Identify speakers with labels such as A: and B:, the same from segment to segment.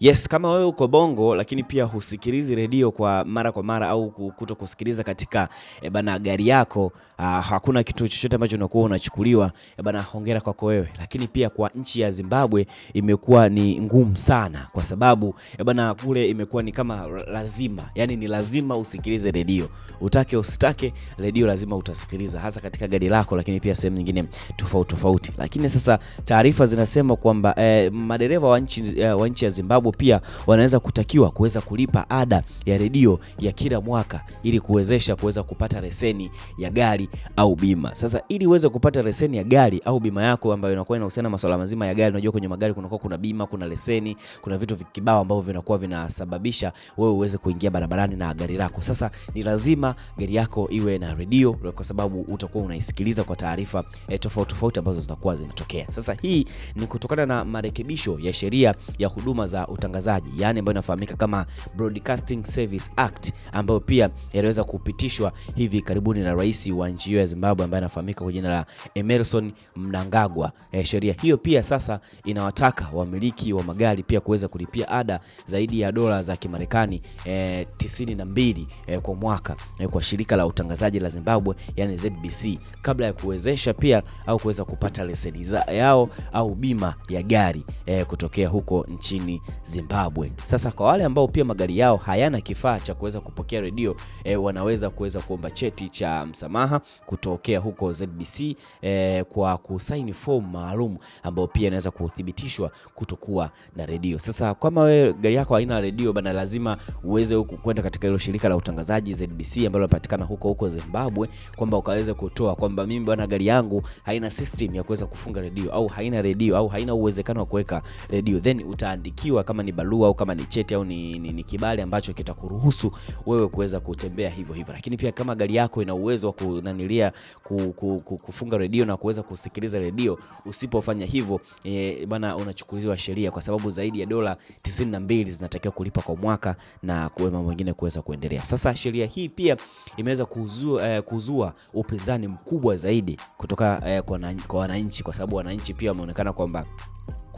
A: Yes, kama wewe uko Bongo lakini pia husikilizi redio kwa mara kwa mara au kuto kusikiliza katika e bana gari yako, aa, ah, hakuna kitu chochote ambacho unakuwa unachukuliwa e bana, hongera kwako wewe. Lakini pia kwa nchi ya Zimbabwe imekuwa ni ngumu sana, kwa sababu e bana, kule imekuwa ni kama lazima, yani ni lazima usikilize redio, utake usitake, redio lazima utasikiliza, hasa katika gari lako, lakini pia sehemu nyingine tofauti tofauti. Lakini sasa taarifa zinasema kwamba e, madereva wa nchi e, wa nchi ya Zimbabwe hivyo pia wanaweza kutakiwa kuweza kulipa ada ya redio ya kila mwaka ili kuwezesha kuweza kupata leseni ya gari au bima. Sasa ili uweze kupata leseni ya gari au bima yako ambayo inakuwa inahusiana na masuala mazima ya gari, unajua kwenye magari kunakuwa kuna bima, kuna leseni, kuna vitu vikibao ambavyo vinakuwa vinasababisha wewe uweze kuingia barabarani na gari lako. Sasa ni lazima gari yako iwe na redio kwa sababu utakuwa unaisikiliza kwa taarifa eh, tofauti tofauti ambazo zinakuwa zinatokea. Sasa hii ni kutokana na marekebisho ya sheria ya huduma za utangazaji, yani ambayo inafahamika kama Broadcasting Service Act, ambayo pia yaliweza kupitishwa hivi karibuni na rais wa nchi hiyo ya Zimbabwe ambaye anafahamika kwa jina la Emerson Mnangagwa. E, sheria hiyo pia sasa inawataka wamiliki wa magari pia kuweza kulipia ada zaidi ya dola za Kimarekani e, tisini na mbili e, kwa mwaka e, kwa shirika la utangazaji la Zimbabwe yani ZBC kabla ya kuwezesha pia au kuweza kupata leseni yao au bima ya gari e, kutokea huko nchini Zimbabwe. Sasa kwa wale ambao pia magari yao hayana kifaa cha kuweza kupokea redio e, wanaweza kuweza kuomba cheti cha msamaha kutokea huko ZBC e, eh, kwa kusaini form maalum ambao pia inaweza kuthibitishwa kutokuwa na redio. Sasa kama wewe gari yako haina redio bana, lazima uweze kwenda katika hilo shirika la utangazaji ZBC ambalo linapatikana huko huko Zimbabwe, kwamba ukaweze kutoa kwamba mimi bwana, gari yangu haina system ya kuweza kufunga redio au haina redio au haina uwezekano wa kuweka redio, then utaandikiwa kama kama ni barua au kama ni cheti au ni, ni, ni kibali ambacho kitakuruhusu wewe kuweza kutembea hivyo hivyo. Lakini pia kama gari yako ina uwezo wa kunanilia ku, ku, ku, kufunga redio na kuweza kusikiliza redio, usipofanya hivyo e, bana unachukuliwa sheria, kwa sababu zaidi ya dola 92 zinatakiwa kulipa kwa mwaka na mambo mengine kuweza kuendelea. Sasa sheria hii pia imeweza kuzua, eh, kuzua upinzani mkubwa zaidi kutoka eh, kwa wananchi, kwa sababu wananchi pia wameonekana kwamba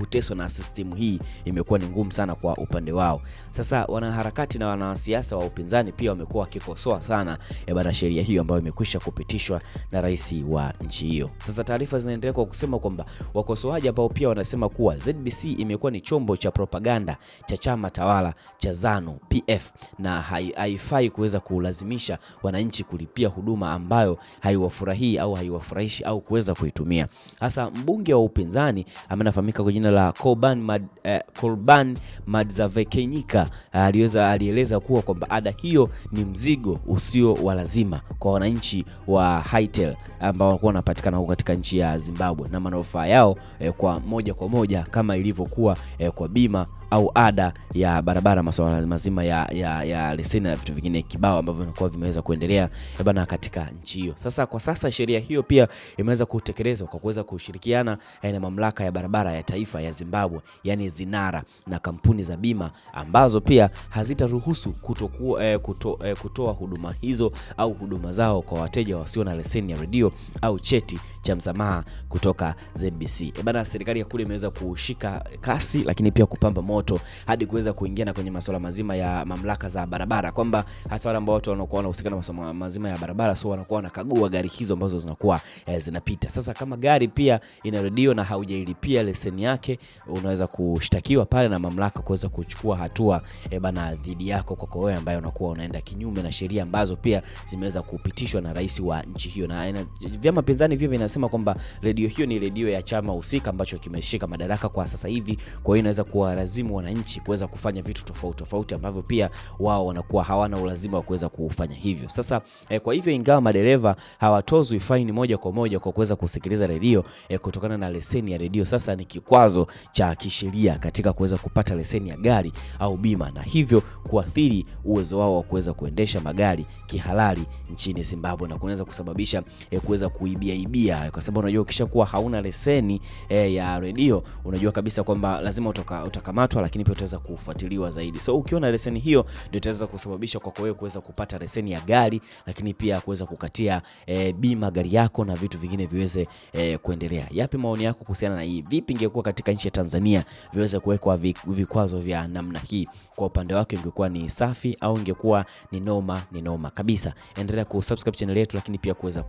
A: kuteswa na system hii imekuwa ni ngumu sana kwa upande wao. Sasa wanaharakati na wanasiasa wa upinzani pia wamekuwa wakikosoa sana ya eh, bana sheria hiyo ambayo imekwisha kupitishwa na rais wa nchi hiyo. Sasa taarifa zinaendelea kwa kusema kwamba wakosoaji ambao pia wanasema kuwa ZBC imekuwa ni chombo cha propaganda cha chama tawala cha ZANU PF na haifai kuweza kulazimisha wananchi kulipia huduma ambayo haiwafurahii au haiwafurahishi au kuweza kuitumia. Sasa mbunge wa upinzani amenafahamika kwa jina jina la Koban Mad, eh, Kolban Madzavekenyika eh, aliweza alieleza kuwa kwamba ada hiyo ni mzigo usio wa lazima kwa wananchi wa Hitel ambao walikuwa wanapatikana huko katika nchi ya Zimbabwe na manufaa yao eh, kwa moja kwa moja kama ilivyokuwa eh, kwa bima au ada ya barabara, masuala mazima ya, ya, ya leseni na vitu vingine kibao ambavyo vinakuwa vimeweza kuendelea eh, bana katika nchi hiyo. Sasa kwa sasa sheria hiyo pia imeweza kutekelezwa kwa kuweza kushirikiana eh, na mamlaka ya barabara ya taifa ya Zimbabwe, yani Zinara, na kampuni za bima ambazo pia hazitaruhusu kutoku, eh, kuto, eh, kutoa huduma hizo au huduma zao kwa wateja wasio na leseni ya redio au cheti cha msamaha kutoka ZBC. Eh, bana serikali ya kule imeweza kushika kasi, lakini pia kupamba moto changamoto hadi kuweza kuingia na kwenye masuala mazima ya mamlaka za barabara, kwamba hata wale ambao watu wanakuwa wanahusika na masuala mazima ya barabara, so wanakuwa wanakagua gari hizo ambazo zinakuwa eh, zinapita. Sasa kama gari pia ina redio na haujailipia leseni yake, unaweza kushtakiwa pale na mamlaka kuweza kuchukua hatua eh, bana dhidi yako, kwa wewe ambaye unakuwa unaenda kinyume na sheria ambazo pia zimeweza kupitishwa na rais wa nchi hiyo. Na vyama pinzani vivyo vinasema kwamba redio hiyo ni redio ya chama husika ambacho kimeshika madaraka kwa sasa hivi, kwa hiyo inaweza kuwalazimu elimu wananchi kuweza kufanya vitu tofauti tofauti ambavyo pia wao wanakuwa hawana ulazima wa kuweza kufanya hivyo. Sasa eh, kwa hivyo ingawa madereva hawatozwi faini moja kwa moja kwa kuweza kusikiliza redio eh, kutokana na leseni ya redio sasa ni kikwazo cha kisheria katika kuweza kupata leseni ya gari au bima, na hivyo kuathiri uwezo wao wa kuweza kuendesha magari kihalali nchini Zimbabwe na kunaweza kusababisha eh, kuweza kuibiaibia, kwa sababu unajua ukishakuwa hauna leseni eh, ya redio unajua kabisa kwamba lazima utakamatwa kulipa lakini pia utaweza kufuatiliwa zaidi. So ukiona leseni hiyo ndio itaweza kusababisha kwako wewe kuweza kupata leseni ya gari, lakini pia kuweza kukatia e, bima gari yako na vitu vingine viweze e, kuendelea. Yapi maoni yako kuhusiana na hii? Vipi ingekuwa katika nchi ya Tanzania viweze kuwekwa vikwazo vya namna hii? Kwa upande wake ingekuwa ni safi au ingekuwa ni noma? Ni noma kabisa. Endelea kusubscribe channel yetu, lakini pia kuweza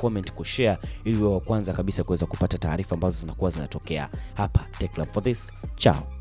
A: comment, ku share ili wewe wa kwanza kabisa kuweza kupata taarifa ambazo zinakuwa zinatokea hapa Tech Club. For this, ciao.